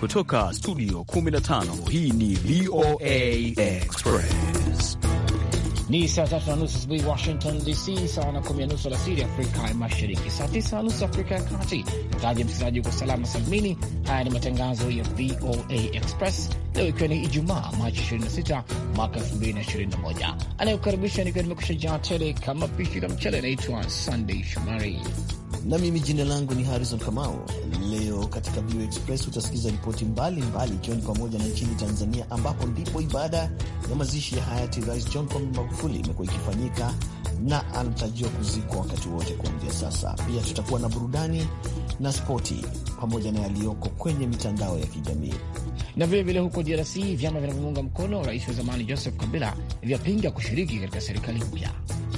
Kutoka studio 15 hii ni VOA Express. Ni saa tatu na nusu asubuhi Washington DC, sawa na kumi na nusu alasiri Afrika ya Mashariki, saa tisa na nusu Afrika ya Kati. Mtaji msikilizaji kwa salama salmini. Haya ni matangazo ya VOA Express leo ikiwa ni Ijumaa Machi 26 mwaka 2021. Anayekukaribisha nikiwa nimekusha jaa tele kama pishi la mchele, anaitwa Sandey Shomari na mimi jina langu ni Harrison Kamau. Leo katika Bio Express utasikiza ripoti mbalimbali, ikiwa ni pamoja na nchini Tanzania ambapo ndipo ibada ya mazishi ya hayati Rais John Pombe Magufuli imekuwa ikifanyika na anatarajiwa kuzikwa wakati wote kuanzia sasa. Pia tutakuwa na burudani na spoti pamoja na yaliyoko kwenye mitandao ya kijamii na vilevile huko DRC vyama vinavyomuunga mkono rais wa zamani Joseph Kabila vyapinga kushiriki katika serikali mpya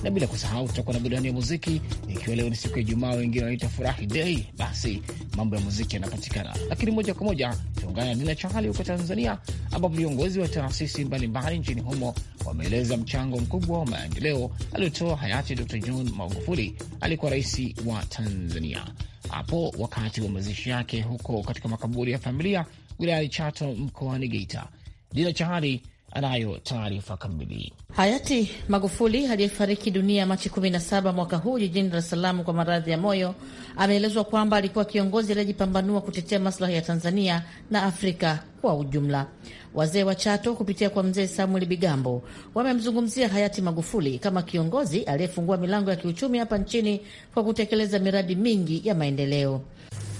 na bila kusahau tutakuwa na burudani ya muziki, ikiwa leo ni siku ya Ijumaa, wengine wanaita furahi dei, basi mambo ya muziki yanapatikana. Lakini moja kwa moja tuungana na Dina Chahali huko Tanzania, ambapo viongozi wa taasisi mbalimbali nchini humo wameeleza mchango mkubwa wa maendeleo aliyotoa hayati Dr John Magufuli, alikuwa rais wa Tanzania, hapo wakati wa mazishi yake huko katika makaburi ya familia wilayani Chato mkoani Geita. Dina Chahali anayo taarifa kamili. Hayati Magufuli aliyefariki dunia Machi 17 mwaka huu jijini Dar es Salaam kwa maradhi ya moyo, ameelezwa kwamba alikuwa kiongozi aliyejipambanua kutetea maslahi ya Tanzania na Afrika kwa ujumla. Wazee wa Chato kupitia kwa mzee Samuel Bigambo wamemzungumzia hayati Magufuli kama kiongozi aliyefungua milango ya kiuchumi hapa nchini kwa kutekeleza miradi mingi ya maendeleo.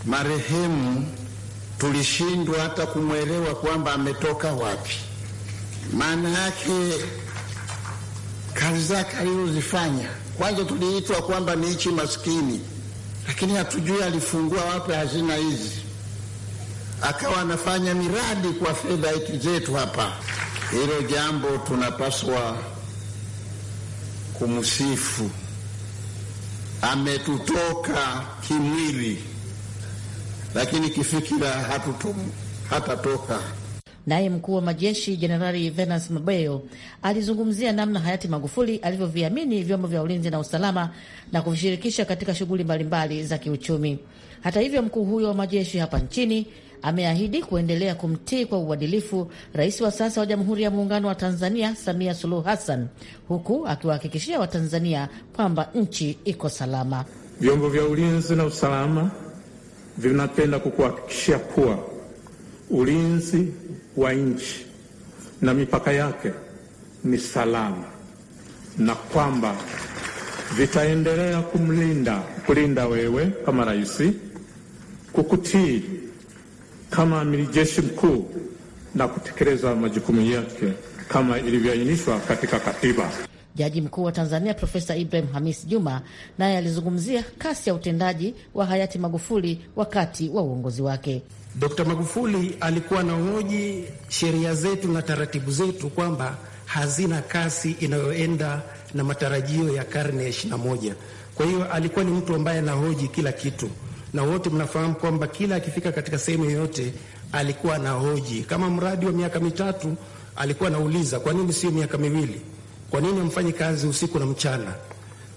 Marehemu tulishindwa hata kumwelewa kwamba ametoka wapi maana yake kazi zake alizozifanya, kwanza tuliitwa kwamba ni nchi maskini, lakini hatujui alifungua wapi hazina hizi, akawa anafanya miradi kwa fedha hiki zetu hapa. Hilo jambo tunapaswa kumsifu. Ametutoka kimwili, lakini kifikira hatutum, hatatoka Naye mkuu wa majeshi Jenerali Venance Mabeyo alizungumzia namna hayati Magufuli alivyoviamini vyombo vya ulinzi na usalama na kuvishirikisha katika shughuli mbalimbali za kiuchumi. Hata hivyo, mkuu huyo wa majeshi hapa nchini ameahidi kuendelea kumtii kwa uadilifu rais wa sasa wa Jamhuri ya Muungano wa Tanzania, Samia Suluhu Hassan, huku akiwahakikishia Watanzania kwamba nchi iko salama. Vyombo vya ulinzi na usalama vinapenda kukuhakikishia kuwa ulinzi wa nchi na mipaka yake ni salama na kwamba vitaendelea kumlinda kulinda wewe kama rais, kukutii kama amiri jeshi mkuu na kutekeleza majukumu yake kama ilivyoainishwa katika katiba. Jaji mkuu wa Tanzania Profesa Ibrahim Hamis Juma naye alizungumzia kasi ya utendaji wa hayati Magufuli wakati wa uongozi wake. Dkt. Magufuli alikuwa na hoji sheria zetu na taratibu zetu kwamba hazina kasi inayoenda na matarajio ya karne ya moja. Kwa hiyo alikuwa ni mtu ambaye anahoji kila kitu, na wote mnafahamu kwamba kila akifika katika sehemu yoyote alikuwa anahoji. Kama mradi wa miaka mitatu alikuwa anauliza kwa nini sio miaka miwili? Kwa nini amfanyi kazi usiku na mchana?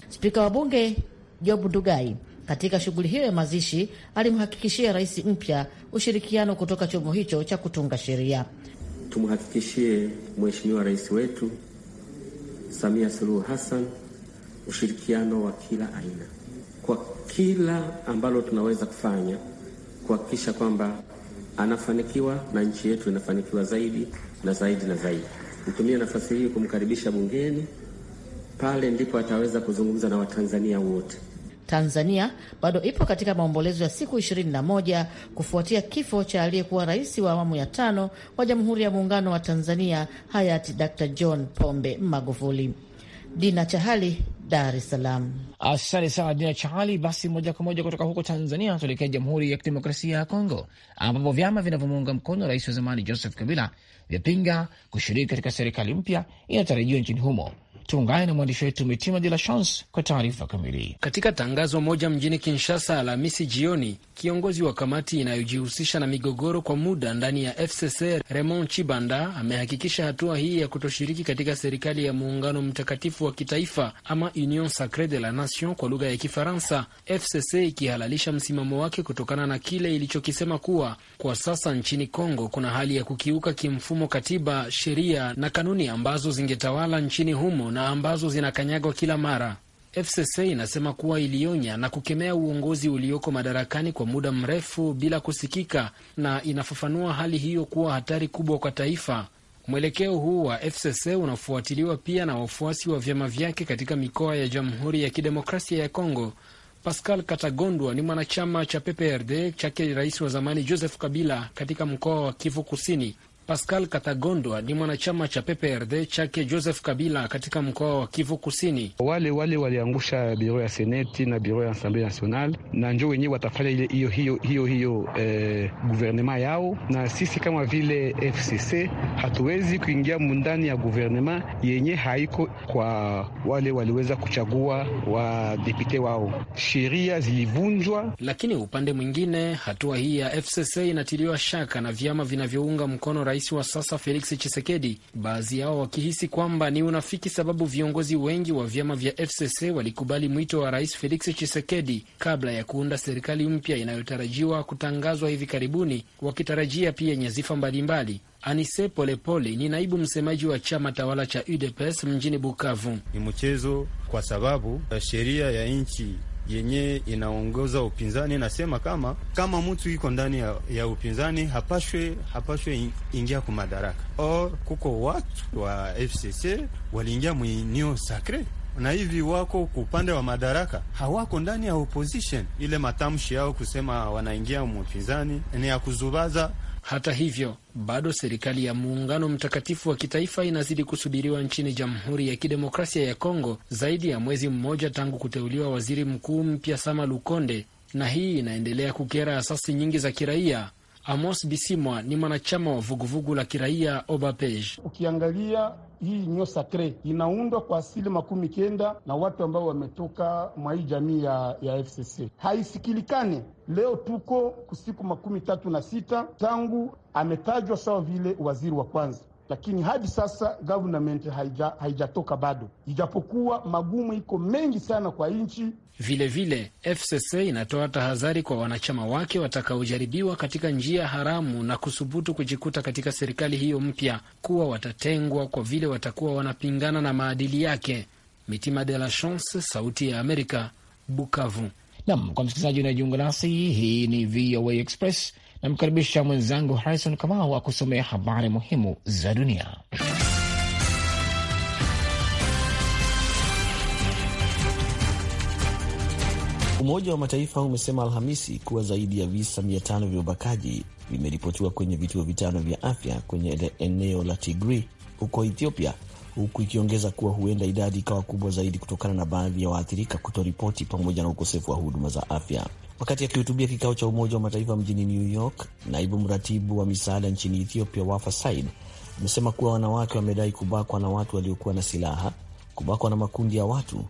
Spika wa Bunge Job Ndugai katika shughuli hiyo ya mazishi, alimhakikishia rais mpya ushirikiano kutoka chombo hicho cha kutunga sheria. Tumhakikishie mheshimiwa rais wetu Samia Suluhu Hassan ushirikiano wa kila aina kwa kila ambalo tunaweza kufanya kuhakikisha kwamba anafanikiwa na nchi yetu inafanikiwa zaidi na zaidi na zaidi. Nitumie nafasi hii kumkaribisha bungeni, pale ndipo ataweza kuzungumza na Watanzania wote. Tanzania bado ipo katika maombolezo ya siku 21 kufuatia kifo cha aliyekuwa rais wa awamu ya tano wa Jamhuri ya Muungano wa Tanzania hayati Dr. John Pombe Magufuli. Dina Chahali, Dar es Salaam. Asante sana Dina Chahali. Basi moja kwa moja kutoka huko Tanzania tuelekea Jamhuri ya Kidemokrasia ya Kongo, ambapo vyama vinavyomuunga mkono rais wa zamani Joseph Kabila vyapinga kushiriki katika serikali mpya inayotarajiwa nchini humo Tuungane na mwandishi wetu Mitima De La Chance kwa taarifa kamili. Katika tangazo moja mjini Kinshasa Alhamisi jioni, kiongozi wa kamati inayojihusisha na migogoro kwa muda ndani ya FCC Raymond Chibanda amehakikisha hatua hii ya kutoshiriki katika serikali ya muungano mtakatifu wa kitaifa ama Union Sacre de la Nation kwa lugha ya Kifaransa, FCC ikihalalisha msimamo wake kutokana na kile ilichokisema kuwa kwa sasa nchini Kongo kuna hali ya kukiuka kimfumo katiba, sheria na kanuni ambazo zingetawala nchini humo na ambazo zinakanyagwa kila mara. FCC inasema kuwa ilionya na kukemea uongozi ulioko madarakani kwa muda mrefu bila kusikika, na inafafanua hali hiyo kuwa hatari kubwa kwa taifa. Mwelekeo huu wa FCC unafuatiliwa pia na wafuasi wa vyama vyake katika mikoa ya Jamhuri ya Kidemokrasia ya Kongo. Pascal Katagondwa ni mwanachama cha PPRD chake rais wa zamani Joseph Kabila katika mkoa wa Kivu Kusini. Pascal Katagondwa ni mwanachama cha PPRD chake Joseph Kabila katika mkoa wa Kivu Kusini. Wale wale waliangusha biro ya seneti na biro ya asamblee national na njo wenyewe watafanya ile hiyo hiyo hiyo hiyo eh, guvernema yao, na sisi kama vile FCC hatuwezi kuingia mundani ya guvernema yenye haiko kwa wale waliweza kuchagua wadepute wao. Sheria zilivunjwa. Lakini upande mwingine, hatua hii ya FCC inatiliwa shaka na vyama vinavyounga mkono rais wa sasa Felix Chisekedi, baadhi yao wakihisi kwamba ni unafiki sababu viongozi wengi wa vyama vya FCC walikubali mwito wa rais Felix Chisekedi kabla ya kuunda serikali mpya inayotarajiwa kutangazwa hivi karibuni, wakitarajia pia nyazifa mbalimbali. Anise Polepole ni naibu msemaji wa chama tawala cha UDPS mjini Bukavu. Ni mchezo kwa sababu eh, sheria ya nchi yenye inaongoza upinzani inasema kama kama mtu iko ndani ya, ya upinzani hapashwe hapashwe ingia ku madaraka or kuko watu wa FCC waliingia mwinio sacre na hivi wako upande wa madaraka, hawako ndani ya opposition. Ile matamshi yao kusema wanaingia mupinzani ni ya kuzubaza hata hivyo, bado serikali ya muungano mtakatifu wa kitaifa inazidi kusubiriwa nchini Jamhuri ya Kidemokrasia ya Kongo, zaidi ya mwezi mmoja tangu kuteuliwa waziri mkuu mpya Sama Lukonde, na hii inaendelea kukera asasi nyingi za kiraia Amos Bisimwa ni mwanachama wa vuguvugu la kiraia Obapej. Ukiangalia hii nyo sakre inaundwa kwa asili makumi kenda na watu ambao wametoka mwa hii jamii ya, ya FCC haisikilikane. Leo tuko kusiku makumi tatu na sita tangu ametajwa sawa vile waziri wa kwanza lakini hadi sasa government haijatoka haija bado, ijapokuwa magumu iko mengi sana kwa nchi Vilevile FCC inatoa tahadhari kwa wanachama wake watakaojaribiwa katika njia haramu na kusubutu kujikuta katika serikali hiyo mpya kuwa watatengwa kwa vile watakuwa wanapingana na maadili yake. Mitima de la Chance, Sauti ya Amerika, Bukavu. Nam kwa msikilizaji unayejiunga nasi, hii ni VOA Express. Namkaribisha mwenzangu Harrison Kamau akusomea habari muhimu za dunia. Umoja wa Mataifa umesema Alhamisi kuwa zaidi ya visa 500 vya ubakaji vimeripotiwa kwenye vituo vitano vya afya kwenye eneo la Tigri huko Ethiopia, huku ikiongeza kuwa huenda idadi ikawa kubwa zaidi kutokana na baadhi ya waathirika kutoripoti pamoja na ukosefu wa huduma za afya. Wakati akihutubia kikao cha Umoja wa Mataifa mjini New York, naibu mratibu wa misaada nchini Ethiopia Wafa Said amesema kuwa wanawake wamedai kubakwa na watu waliokuwa na silaha, kubakwa na makundi ya watu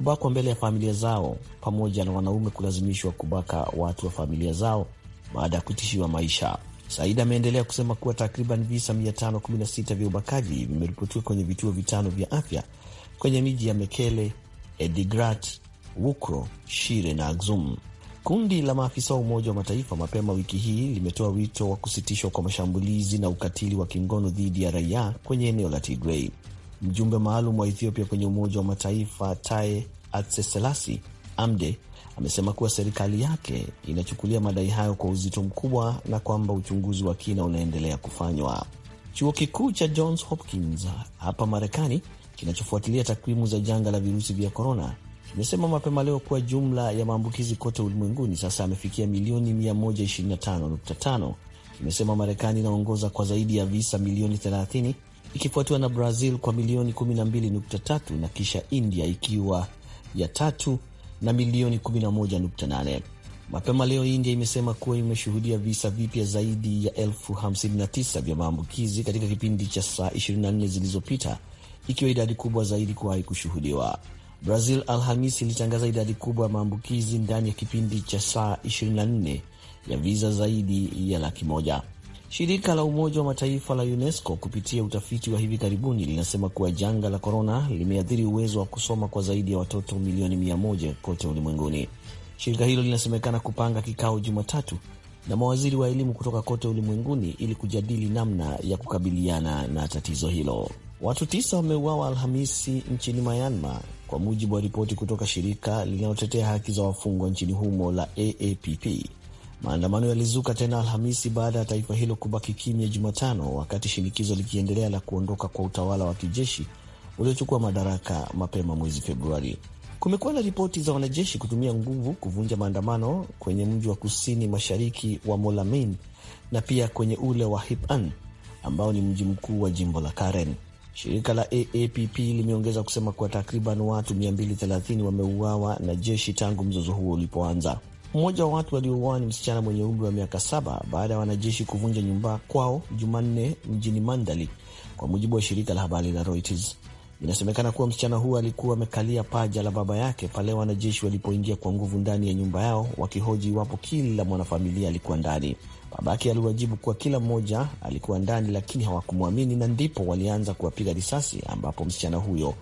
kubakwa mbele ya familia zao, pamoja na wanaume kulazimishwa kubaka watu wa familia zao baada ya kutishiwa maisha. Said ameendelea kusema kuwa takriban visa 516 vya ubakaji vimeripotiwa kwenye vituo vitano vya afya kwenye miji ya Mekele, Edigrat, Wukro, Shire na Axum. Kundi la maafisa wa Umoja wa Mataifa mapema wiki hii limetoa wito wa kusitishwa kwa mashambulizi na ukatili wa kingono dhidi ya raia kwenye eneo la Tigrei. Mjumbe maalum wa Ethiopia kwenye Umoja wa Mataifa Tae Atseselasi Amde amesema kuwa serikali yake inachukulia madai hayo kwa uzito mkubwa na kwamba uchunguzi wa kina unaendelea kufanywa. Chuo kikuu cha Johns Hopkins hapa Marekani kinachofuatilia takwimu za janga la virusi vya korona kimesema mapema leo kuwa jumla ya maambukizi kote ulimwenguni sasa amefikia milioni 125.5. Kimesema Marekani inaongoza kwa zaidi ya visa milioni 30 ikifuatiwa na Brazil kwa milioni 12.3 na kisha India ikiwa ya tatu na milioni 11.8. Mapema leo India imesema kuwa imeshuhudia visa vipya zaidi ya elfu 59 vya maambukizi katika kipindi cha saa 24 zilizopita, ikiwa idadi kubwa zaidi kuwahi kushuhudiwa. Brazil Alhamisi ilitangaza idadi kubwa ya maambukizi ndani ya kipindi cha saa 24 ya visa zaidi ya laki moja. Shirika la Umoja wa Mataifa la UNESCO kupitia utafiti wa hivi karibuni linasema kuwa janga la korona limeathiri uwezo wa kusoma kwa zaidi ya watoto milioni mia moja kote ulimwenguni. Shirika hilo linasemekana kupanga kikao Jumatatu na mawaziri wa elimu kutoka kote ulimwenguni ili kujadili namna ya kukabiliana na tatizo hilo. Watu tisa wameuawa Alhamisi nchini Myanmar kwa mujibu wa ripoti kutoka shirika linalotetea haki za wafungwa nchini humo la AAPP. Maandamano yalizuka tena Alhamisi baada ya taifa hilo kubaki kimya Jumatano, wakati shinikizo likiendelea la kuondoka kwa utawala wa kijeshi uliochukua madaraka mapema mwezi Februari. Kumekuwa na ripoti za wanajeshi kutumia nguvu kuvunja maandamano kwenye mji wa kusini mashariki wa Molamin na pia kwenye ule wa Hipan ambao ni mji mkuu wa jimbo la Karen. Shirika la AAPP limeongeza kusema kuwa takriban watu 230 wameuawa na jeshi tangu mzozo huo ulipoanza. Mmoja wa watu waliouawa ni msichana mwenye umri wa miaka saba baada ya wanajeshi kuvunja nyumba kwao Jumanne mjini Mandali, kwa mujibu wa shirika la habari la Reuters. Inasemekana kuwa msichana huyo alikuwa amekalia paja la baba yake pale wanajeshi walipoingia kwa nguvu ndani ya nyumba yao, wakihoji iwapo kila mwanafamilia alikuwa ndani. Babake aliwajibu kuwa kila mmoja alikuwa ndani, lakini hawakumwamini na ndipo walianza kuwapiga risasi, ambapo msichana huyo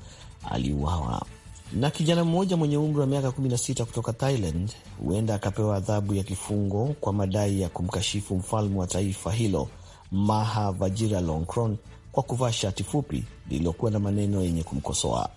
aliuawa na kijana mmoja mwenye umri wa miaka 16 kutoka Thailand huenda akapewa adhabu ya kifungo kwa madai ya kumkashifu mfalme wa taifa hilo Maha Vajiralongkorn kwa kuvaa shati fupi lililokuwa na maneno yenye kumkosoa.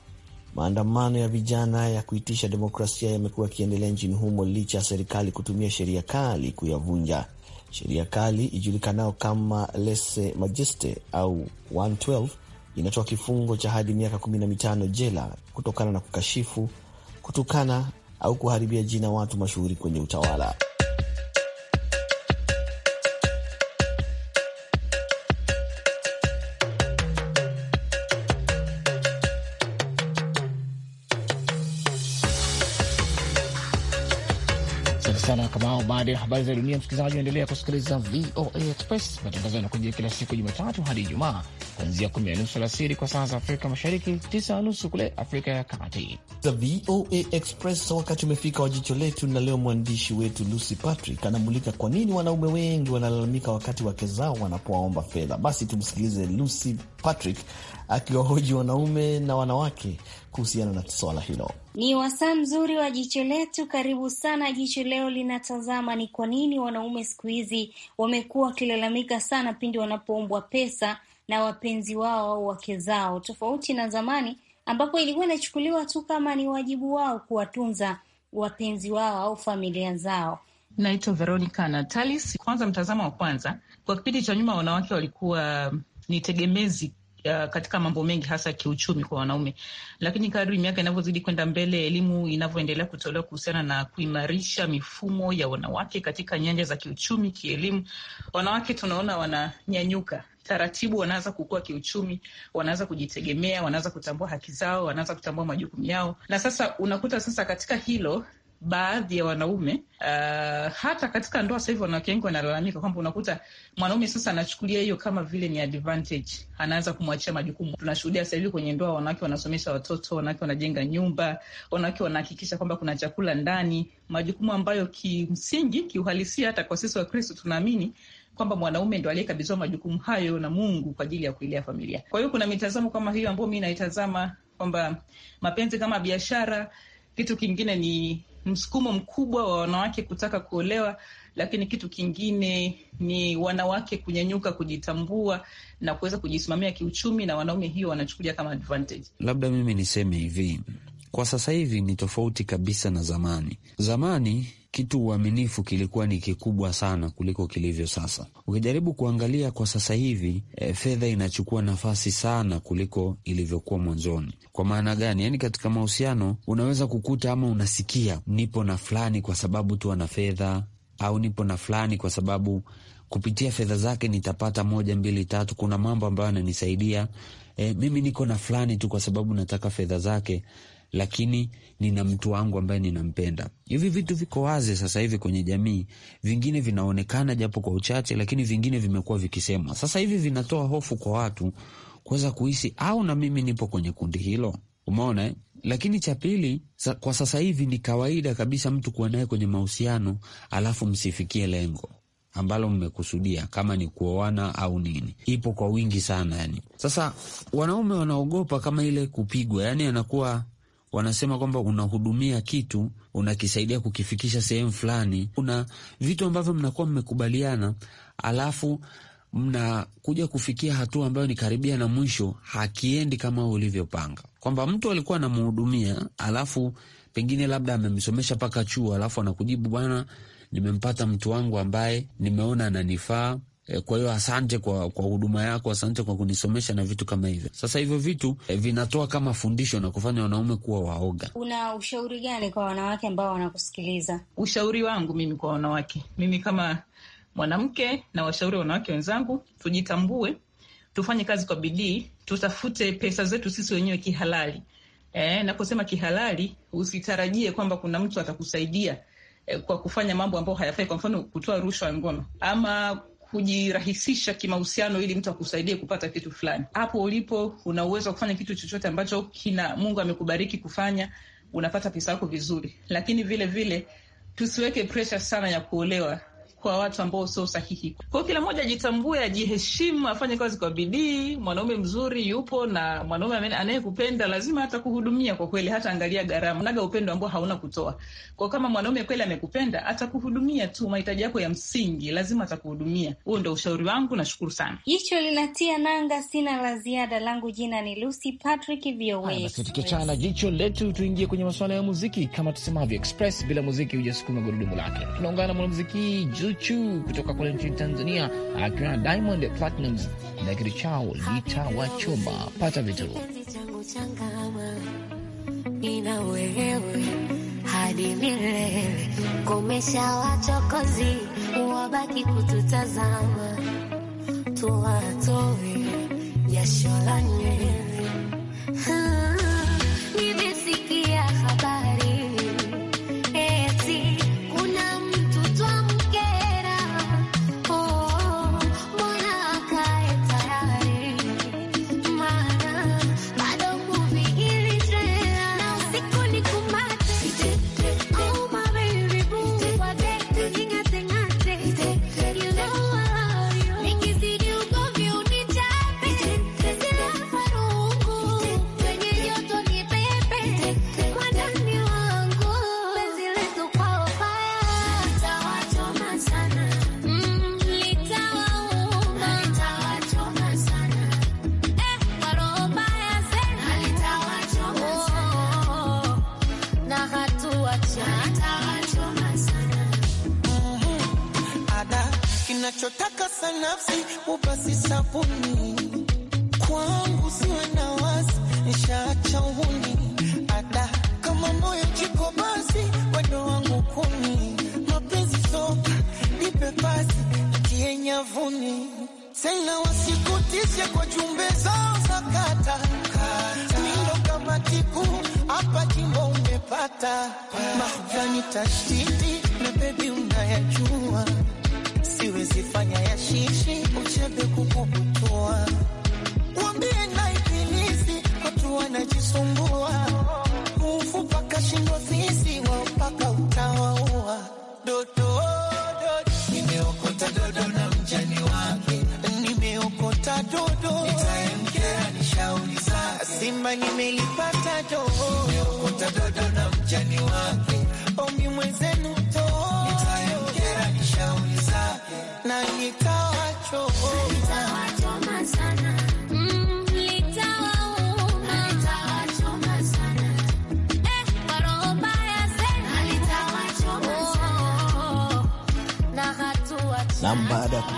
Maandamano ya vijana ya kuitisha demokrasia yamekuwa yakiendelea nchini humo licha ya serikali kutumia sheria kali kuyavunja. Sheria kali ijulikanao kama lese majeste au 112 inatoa kifungo cha hadi miaka kumi na mitano jela kutokana na kukashifu, kutukana au kuharibia jina watu mashuhuri kwenye utawala. Kamao. Baada ya habari za dunia, msikilizaji, unaendelea kusikiliza VOA Express. Matangazo yanakujia kila siku Jumatatu hadi Ijumaa kuanzia kumi na nusu alasiri kwa saa za Afrika Mashariki, tisa na nusu kule Afrika ya Kati za VOA Express. Wakati umefika wa jicho letu, na leo mwandishi wetu Lucy Patrick anamulika kwa nini wanaume wengi wanalalamika wakati wake zao wanapowaomba fedha. Basi tumsikilize Lucy Patrick akiwahoji wanaume na wanawake kuhusiana na swala hilo. Ni wasaa mzuri wa jicho letu. Karibu sana. Jicho leo linatazama ni kwa nini wanaume siku hizi wamekuwa wakilalamika sana pindi wanapoombwa pesa na wapenzi wao au wake zao, tofauti na zamani ambapo ilikuwa inachukuliwa tu kama ni wajibu wao kuwatunza wapenzi wao au familia zao. Naitwa Veronica Natalis. Kwanza, mtazamo wa kwanza, kwa kipindi cha nyuma wanawake walikuwa um, ni tegemezi Uh, katika mambo mengi hasa ya kiuchumi kwa wanaume, lakini kadri miaka inavyozidi kwenda mbele, elimu inavyoendelea kutolewa kuhusiana na kuimarisha mifumo ya wanawake katika nyanja za kiuchumi, kielimu, wanawake tunaona wananyanyuka taratibu wanaanza kukua kiuchumi, wanaanza kujitegemea, wanaanza kutambua haki zao, wanaanza kutambua majukumu yao. Na sasa unakuta sasa katika hilo baadhi ya wanaume uh, hata katika ndoa sasa hivi wanawake wengi wanalalamika kwamba unakuta mwanaume sasa anachukulia hiyo kama vile ni advantage, anaanza kumwachia majukumu. Tunashuhudia sasa hivi kwenye ndoa, wanawake wanasomesha watoto, wanawake wanajenga nyumba, wanawake wanahakikisha kwamba kuna chakula ndani, majukumu ambayo kimsingi, kiuhalisia, hata kwa sisi Wakristo tunaamini kwamba mwanaume ndo aliyekabidhiwa majukumu hayo na Mungu kwa ajili ya kuilea familia. Kwa hiyo kuna mitazamo kama hiyo ambayo mi naitazama kwamba mapenzi kama biashara. Kitu kingine ni msukumo mkubwa wa wanawake kutaka kuolewa, lakini kitu kingine ni wanawake kunyanyuka, kujitambua na kuweza kujisimamia kiuchumi, na wanaume hiyo wanachukulia kama advantage. Labda mimi niseme hivi, kwa sasa hivi ni tofauti kabisa na zamani. Zamani kitu uaminifu kilikuwa ni kikubwa sana kuliko kilivyo sasa. Ukijaribu kuangalia kwa sasa hivi e, fedha inachukua nafasi sana kuliko ilivyokuwa mwanzoni. Kwa maana gani? Yaani katika mahusiano unaweza kukuta ama unasikia nipo na fulani kwa sababu tu ana fedha, au nipo na fulani kwa sababu kupitia fedha zake nitapata moja mbili tatu, kuna mambo ambayo ananisaidia. E, eh, mimi niko na fulani tu kwa sababu nataka fedha zake lakini nina mtu wangu ambaye ninampenda. Hivi vitu viko wazi sasa hivi kwenye jamii, vingine vinaonekana japo kwa uchache, lakini vingine vimekuwa vikisemwa. Sasa hivi vinatoa hofu kwa watu kuweza kuhisi au na mimi nipo kwenye kundi hilo, umeona eh? Lakini cha pili, kwa sasa hivi ni kawaida kabisa mtu kuwa naye kwenye mahusiano alafu msifikie lengo ambalo mmekusudia kama ni kuoana au nini, ipo kwa wingi sana yani. Sasa wanaume wanaogopa kama ile kupigwa, yani anakuwa wanasema kwamba unahudumia kitu, unakisaidia kukifikisha sehemu fulani. Kuna vitu ambavyo mnakuwa mmekubaliana, alafu mnakuja kufikia hatua ambayo ni karibia na mwisho, hakiendi kama ulivyopanga, kwamba mtu alikuwa anamhudumia, alafu pengine labda amemsomesha mpaka chuo, alafu anakujibu bwana, nimempata mtu wangu ambaye nimeona ananifaa E, kwa hiyo asante kwa kwa huduma yako, asante kwa kunisomesha na vitu kama hivyo. Sasa hivyo vitu e, vinatoa kama fundisho na kufanya wanaume kuwa waoga. Una ushauri gani kwa wanawake ambao wanakusikiliza? Ushauri wangu mimi kwa wanawake, mimi kama mwanamke na washauri wanawake wenzangu, tujitambue, tufanye kazi kwa bidii, tutafute pesa zetu sisi wenyewe kihalali. E, naposema kihalali, usitarajie kwamba kuna mtu atakusaidia kwa kufanya mambo ambayo hayafai, kwa mfano kutoa rushwa ya ngono ama kujirahisisha kimahusiano ili mtu akusaidie kupata kitu fulani. Hapo ulipo una uwezo wa kufanya kitu chochote ambacho kina Mungu amekubariki kufanya, unapata pesa yako vizuri. Lakini vile vile tusiweke presha sana ya kuolewa kwa watu ambao sio sahihi. Kwa hiyo kila mmoja ajitambue, ajiheshimu, afanye kazi kwa bidii. Mwanaume mzuri yupo na mwanaume anayekupenda lazima hata kuhudumia kwa kweli, hata angalia gharama naga upendo ambao hauna kutoa. Kwa kama mwanaume kweli amekupenda atakuhudumia tu mahitaji yako ya msingi, lazima atakuhudumia. Huo ndo ushauri wangu, nashukuru sana. Jicho linatia nanga, sina la ziada, langu jina ni Lucy Patrick, VOA. Basi tukiachana na jicho letu, tuingie kwenye masuala ya muziki. Kama tusemavyo express, bila muziki hujasukuma gurudumu lake. Tunaungana na mwanamuziki Zuchu kutoka kule nchini Tanzania akiwa na Diamond Platnumz na kitu chao lita wachoma pata vitu nina wewe hadi milele, komesha wachokozi, wabaki kututazama, tuwatoe jasho binafsi upasi sabuni kwangu siwe na wasi nishaacha uhuni ada kama moyo kiko basi wendo wangu kumi mapenzi soka nipe pasi nitie nyavuni tena wasikutishe kwa jumbe zao za kata mindo kama kiku hapa jimbo umepata mahjani tashiti na bebi unayajua kufanya yashishi uchebe kukubutua wambie na ikilisi watu wanajisumbua kufu paka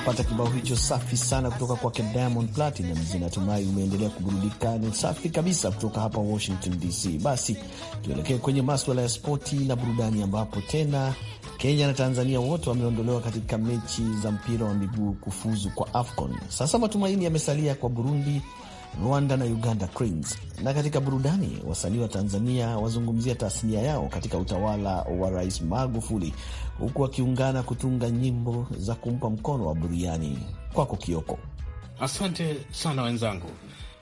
Pata kibao hicho safi sana kutoka kwake Diamond Platinum. zinatumai umeendelea kuburudika. Ni safi kabisa kutoka hapa Washington DC. Basi tuelekee kwenye maswala ya spoti na burudani, ambapo tena Kenya na Tanzania wote wameondolewa katika mechi za mpira wa miguu kufuzu kwa AFCON. Sasa matumaini yamesalia kwa Burundi Rwanda na Uganda Cranes. Na katika burudani, wasanii wa Tanzania wazungumzia tasnia yao katika utawala wa Rais Magufuli, huku wakiungana kutunga nyimbo za kumpa mkono wa buriani. Kwako Kioko. Asante sana wenzangu.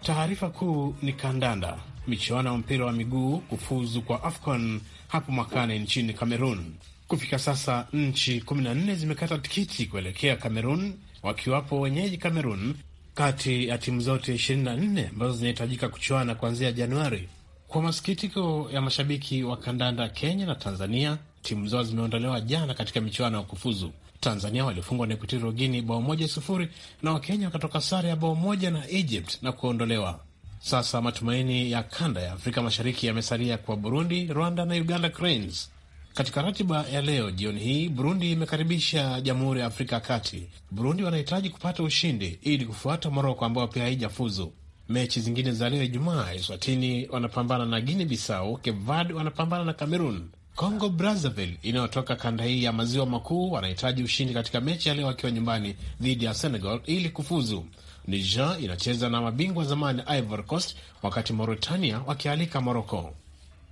Taarifa kuu ni kandanda, michuano ya mpira wa miguu kufuzu kwa AFCON hapo mwakani nchini Cameroon. Kufika sasa nchi 14 zimekata tikiti kuelekea Cameroon, wakiwapo wenyeji Cameroon kati ya timu zote 24 ambazo zinahitajika kuchuana kuanzia Januari. Kwa masikitiko ya mashabiki wa kandanda Kenya na Tanzania, timu zao zimeondolewa jana katika michuano ya kufuzu. Tanzania walifungwa na Equatorial Guinea bao moja sufuri na Wakenya wakatoka sare ya bao moja na Egypt na kuondolewa. Sasa matumaini ya kanda ya Afrika Mashariki yamesalia kwa Burundi, Rwanda na Uganda Cranes katika ratiba ya leo jioni hii, Burundi imekaribisha Jamhuri ya Afrika ya Kati. Burundi wanahitaji kupata ushindi ili kufuata Moroko ambayo pia haijafuzu. Mechi zingine za leo Ijumaa, Eswatini wanapambana na Guinea Bissau, kevad wanapambana na Cameroon. Congo Brazzaville inayotoka kanda hii ya maziwa makuu wanahitaji ushindi katika mechi ya leo wakiwa nyumbani dhidi ya Senegal ili kufuzu. Niger inacheza na mabingwa zamani Ivory Coast, wakati Mauritania wakialika Moroko.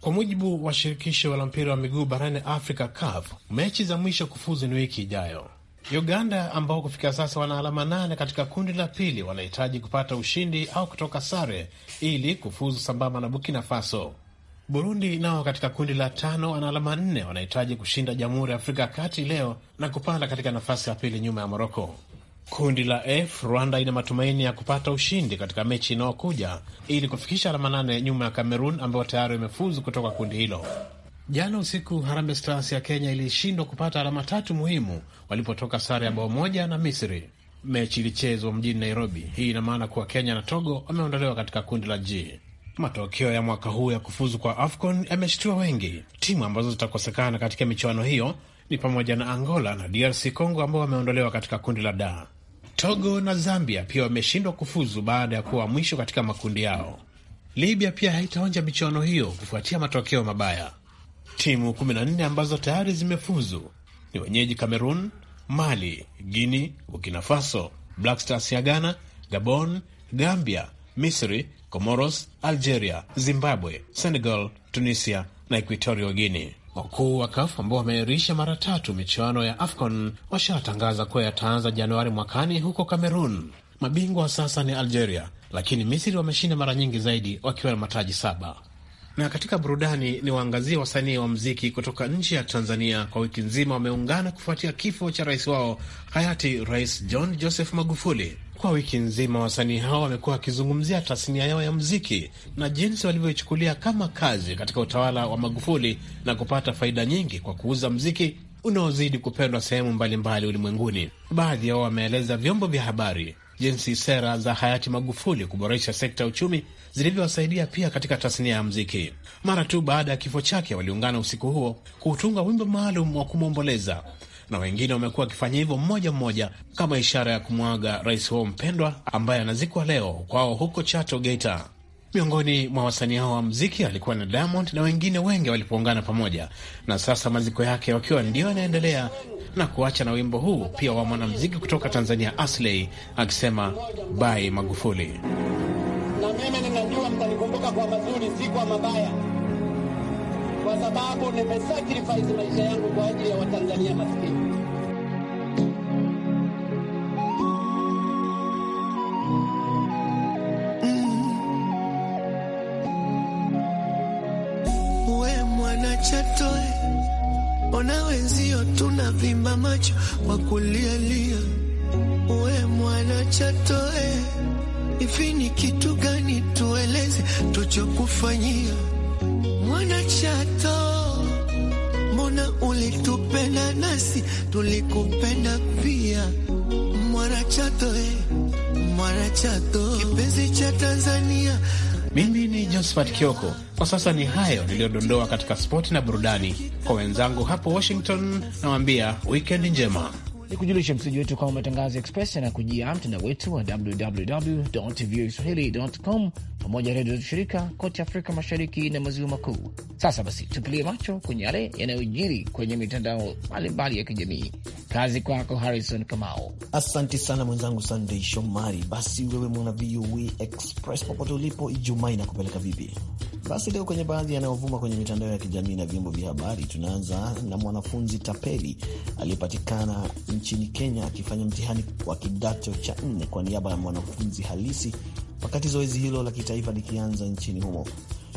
Kwa mujibu wa shirikisho la mpira wa miguu barani Afrika, CAF, mechi za mwisho kufuzu ni wiki ijayo. Uganda ambao kufikia sasa wana alama nane katika kundi la pili, wanahitaji kupata ushindi au kutoka sare ili kufuzu sambamba na Burkina Faso. Burundi nao katika kundi la tano wana alama nne, wanahitaji kushinda Jamhuri ya Afrika ya Kati leo na kupanda katika nafasi ya pili nyuma ya Moroko. Kundi la F, Rwanda ina matumaini ya kupata ushindi katika mechi inayokuja ili kufikisha alama nane nyuma ya Cameroon ambayo tayari imefuzu kutoka kundi hilo. Jana usiku Harambee Stars ya Kenya ilishindwa kupata alama tatu muhimu walipotoka sare ya bao moja na Misri. Mechi ilichezwa mjini Nairobi. Hii ina maana kuwa Kenya na Togo wameondolewa katika kundi la G. Matokeo ya mwaka huu ya kufuzu kwa AFCON yameshtua wengi. Timu ambazo zitakosekana katika michuano hiyo ni pamoja na Angola na DRC Congo ambao wameondolewa katika kundi la daa. Togo na Zambia pia wameshindwa kufuzu baada ya kuwa mwisho katika makundi yao. Libya pia haitaonja michuano hiyo kufuatia matokeo mabaya. Timu 14 ambazo tayari zimefuzu ni wenyeji Cameroon, Mali, Guinea, Burkina Faso, Black Stars ya Ghana, Gabon, Gambia, Misri, Comoros, Algeria, Zimbabwe, Senegal, Tunisia na Equatorial Guinea. Wakuu wa kafu ambao wameairisha mara tatu michuano ya AFCON washatangaza kuwa yataanza Januari mwakani huko Cameroon. Mabingwa sasa ni Algeria, lakini Misri wameshinda mara nyingi zaidi wakiwa na mataji saba. Na katika burudani ni waangazie wasanii wa mziki kutoka nchi ya Tanzania kwa wiki nzima wameungana kufuatia kifo cha rais wao hayati Rais John Joseph Magufuli. Kwa wiki nzima wasanii hao wamekuwa wakizungumzia tasnia yao ya mziki na jinsi walivyoichukulia kama kazi katika utawala wa Magufuli na kupata faida nyingi kwa kuuza mziki unaozidi kupendwa sehemu mbalimbali ulimwenguni. Baadhi yao wameeleza vyombo vya habari jinsi sera za hayati Magufuli kuboresha sekta ya uchumi zilivyowasaidia pia katika tasnia ya mziki Mara tu baada ya kifo chake, waliungana usiku huo kuutunga wimbo maalum wa kumwomboleza na wengine wamekuwa wakifanya hivyo mmoja mmoja kama ishara ya kumwaga rais huo mpendwa ambaye anazikwa leo kwao huko Chato, Geita. Miongoni mwa wasanii hao wa mziki alikuwa na Diamond na wengine wengi walipoungana pamoja, na sasa maziko yake wakiwa ndio yanaendelea, na kuacha na wimbo huu pia wa mwanamziki kutoka Tanzania Asley akisema bai Magufuli. Na mimi ninajua mtanikumbuka kwa mazuri, si kwa mabaya kwa sababu nimesacrifice maisha yangu kwa ajili ya Watanzania maskini. Mm. We mwana chatoe, ona wenzio vimba macho kwa kulialia. uwe mwana chatoe, hivi ni kitu gani tueleze tuchokufanyia Chato, mbona ulitupenda nasi tulikupenda pia, mwana Chato eh, mwana Chato, kipenzi cha Tanzania. Mimi ni Josephat Kioko. Kwa sasa ni hayo niliyodondoa katika spoti na burudani. Kwa wenzangu hapo Washington, nawaambia wikendi njema ni kujulisha msikilizaji wetu kwamba matangazo ya Express yanakujia mtandao wetu wa www voa swahilicom, pamoja na redio zetu shirika kote Afrika Mashariki na Maziwa Makuu. Sasa basi, tupilie macho kwenye yale yanayojiri kwenye mitandao mbalimbali ya kijamii. Kazi kwako Harrison Kamao. Asante sana mwenzangu Sandey Shomari. Basi wewe mwana VOA Express popote ulipo, Ijumaa inakupeleka vipi? Basi leo kwenye baadhi yanayovuma kwenye mitandao ya kijamii na vyombo vya habari, tunaanza na mwanafunzi tapeli aliyepatikana nchini Kenya akifanya mtihani wa kidato cha nne kwa niaba ya mwanafunzi halisi, wakati zoezi hilo la kitaifa likianza nchini humo.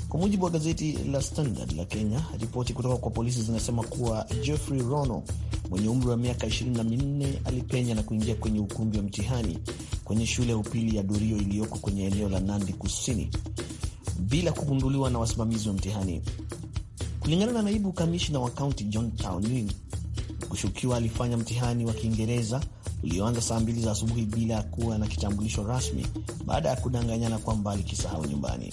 Kwa mujibu wa gazeti la Standard la Kenya, ripoti kutoka kwa polisi zinasema kuwa Jeffrey Rono mwenye umri wa miaka 24 alipenya na kuingia kwenye ukumbi wa mtihani kwenye shule ya upili ya Durio iliyoko kwenye eneo la Nandi Kusini bila kugunduliwa na wasimamizi wa mtihani. Kulingana na naibu kamishna wa kaunti John Chawning, kushukiwa alifanya mtihani wa Kiingereza ulioanza saa mbili za asubuhi bila ya kuwa na kitambulisho rasmi baada ya kudanganyana kwamba alikisahau nyumbani.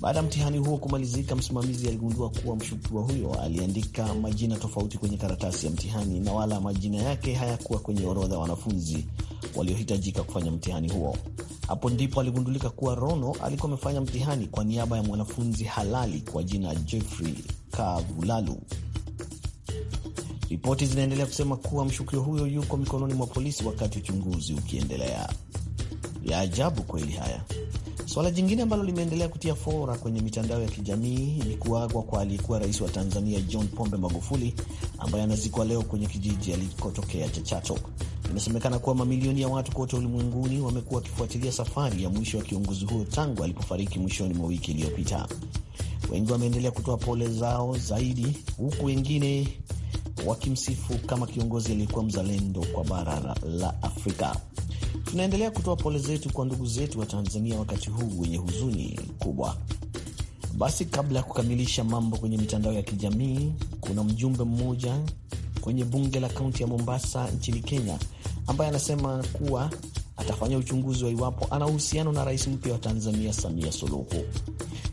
Baada ya mtihani huo kumalizika, msimamizi aligundua kuwa mshukiwa huyo aliandika majina tofauti kwenye karatasi ya mtihani na wala majina yake hayakuwa kwenye orodha ya wanafunzi waliohitajika kufanya mtihani huo. Hapo ndipo aligundulika kuwa Rono alikuwa amefanya mtihani kwa niaba ya mwanafunzi halali kwa jina Jeffrey Kavulalu. Ripoti zinaendelea kusema kuwa mshukio huyo yuko mikononi mwa polisi wakati uchunguzi ukiendelea. Ya ajabu kweli haya. Swala jingine ambalo limeendelea kutia fora kwenye mitandao ya kijamii ni kuagwa kwa aliyekuwa rais wa Tanzania John Pombe Magufuli ambaye anazikwa leo kwenye kijiji alikotokea cha Chato. Inasemekana kuwa mamilioni ya watu kote ulimwenguni wamekuwa wakifuatilia safari ya mwisho wa kiongozi huyo tangu alipofariki mwishoni mwa wiki iliyopita. Wengi wameendelea kutoa pole zao zaidi, huku wengine wakimsifu kama kiongozi aliyekuwa mzalendo kwa bara la Afrika. Tunaendelea kutoa pole zetu kwa ndugu zetu wa Tanzania wakati huu wenye huzuni kubwa basi kabla ya kukamilisha mambo kwenye mitandao ya kijamii, kuna mjumbe mmoja kwenye bunge la kaunti ya Mombasa nchini Kenya ambaye anasema kuwa atafanya uchunguzi wa iwapo ana uhusiano na rais mpya wa Tanzania Samia Suluhu.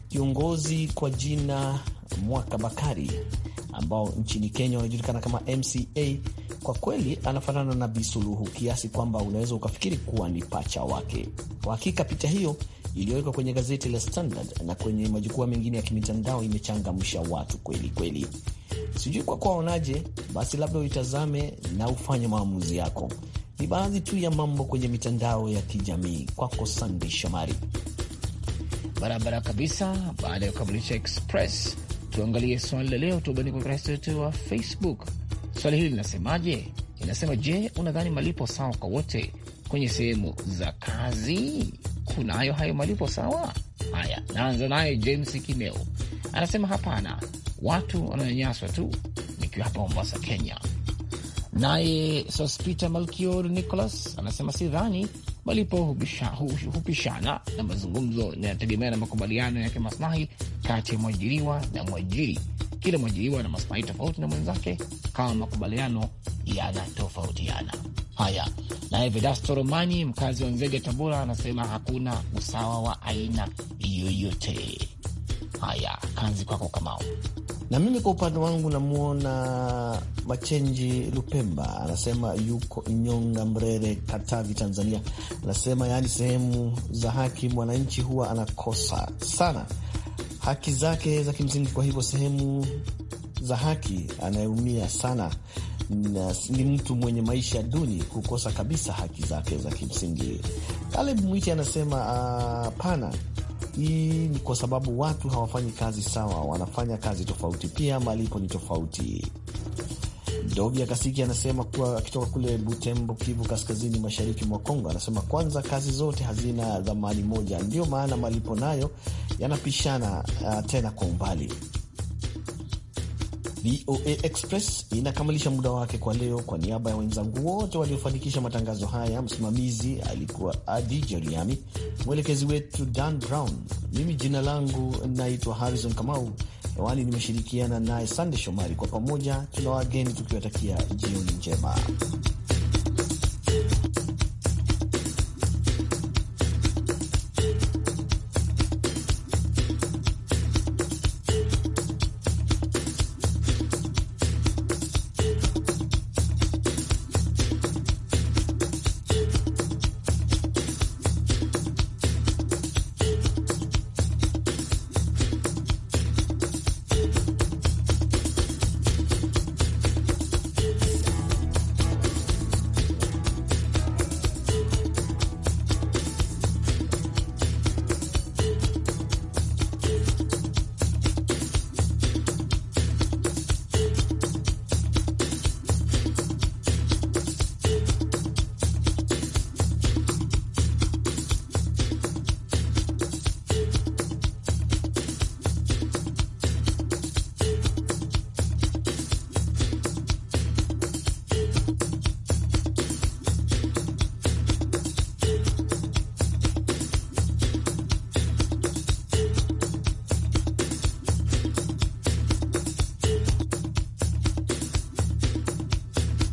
Kiongozi kwa jina Mwaka Bakari ambao nchini Kenya wanajulikana kama MCA kwa kweli anafanana na Bi Suluhu kiasi kwamba unaweza ukafikiri kuwa ni pacha wake. Kwa hakika picha hiyo iliyowekwa kwenye gazeti la Standard na kwenye majukwaa mengine ya kimitandao imechangamsha watu kweli kweli. Sijui kwa kuwaonaje, waonaje, basi labda uitazame na ufanye maamuzi yako. Ni baadhi tu ya mambo kwenye mitandao ya kijamii. Kwako Sandey Shomari. Barabara kabisa. Baada ya kukamilisha Express, tuangalie swali la leo kwa ukurasa wetu wa Facebook. Swali hili linasemaje? Inasema, je, unadhani malipo sawa kwa wote kwenye sehemu za kazi kunayo hayo malipo sawa. Haya, naanza naye James Kimeo anasema hapana, watu wananyanyaswa tu. Nikiwa hapa Mombasa, Kenya. Naye Sospita Malkior Nicholas anasema dhani malipo hupishana na mazungumzo, yanategemea na makubaliano yake kimaslahi kati ya mwajiriwa na mwajiri. Kila mwajiriwa na maslahi tofauti na mwenzake, kama makubaliano yanatofautiana. Haya, naye Vedasto Romani, mkazi wa nzege Tabora, anasema hakuna usawa wa aina yoyote. Haya, kazi kwako Kamao. Na mimi kwa upande wangu namwona Machenji Lupemba, anasema yuko Inyonga, Mrere, Katavi, Tanzania. Anasema yaani sehemu za haki mwananchi huwa anakosa sana haki zake za kimsingi, kwa hivyo sehemu za haki anayeumia sana na ni mtu mwenye maisha duni kukosa kabisa haki zake za kimsingi. Taleb Mwiti anasema ah, hapana, uh, hii ni kwa sababu watu hawafanyi kazi sawa, wanafanya kazi tofauti, pia malipo ni tofauti. Dobi ya Kasiki anasema kuwa akitoka kule Butembo, Kivu kaskazini mashariki mwa Kongo, anasema kwanza, kazi zote hazina dhamani moja, ndiyo maana malipo nayo yanapishana, uh, tena kwa umbali VOA Express inakamilisha muda wake kwa leo. Kwa niaba ya wenzangu wote waliofanikisha matangazo haya, msimamizi alikuwa Adi Joliami, mwelekezi wetu Dan Brown, mimi jina langu naitwa Harrison Kamau, hewani nimeshirikiana naye Sande Shomari. Kwa pamoja tuna wageni tukiwatakia jioni njema.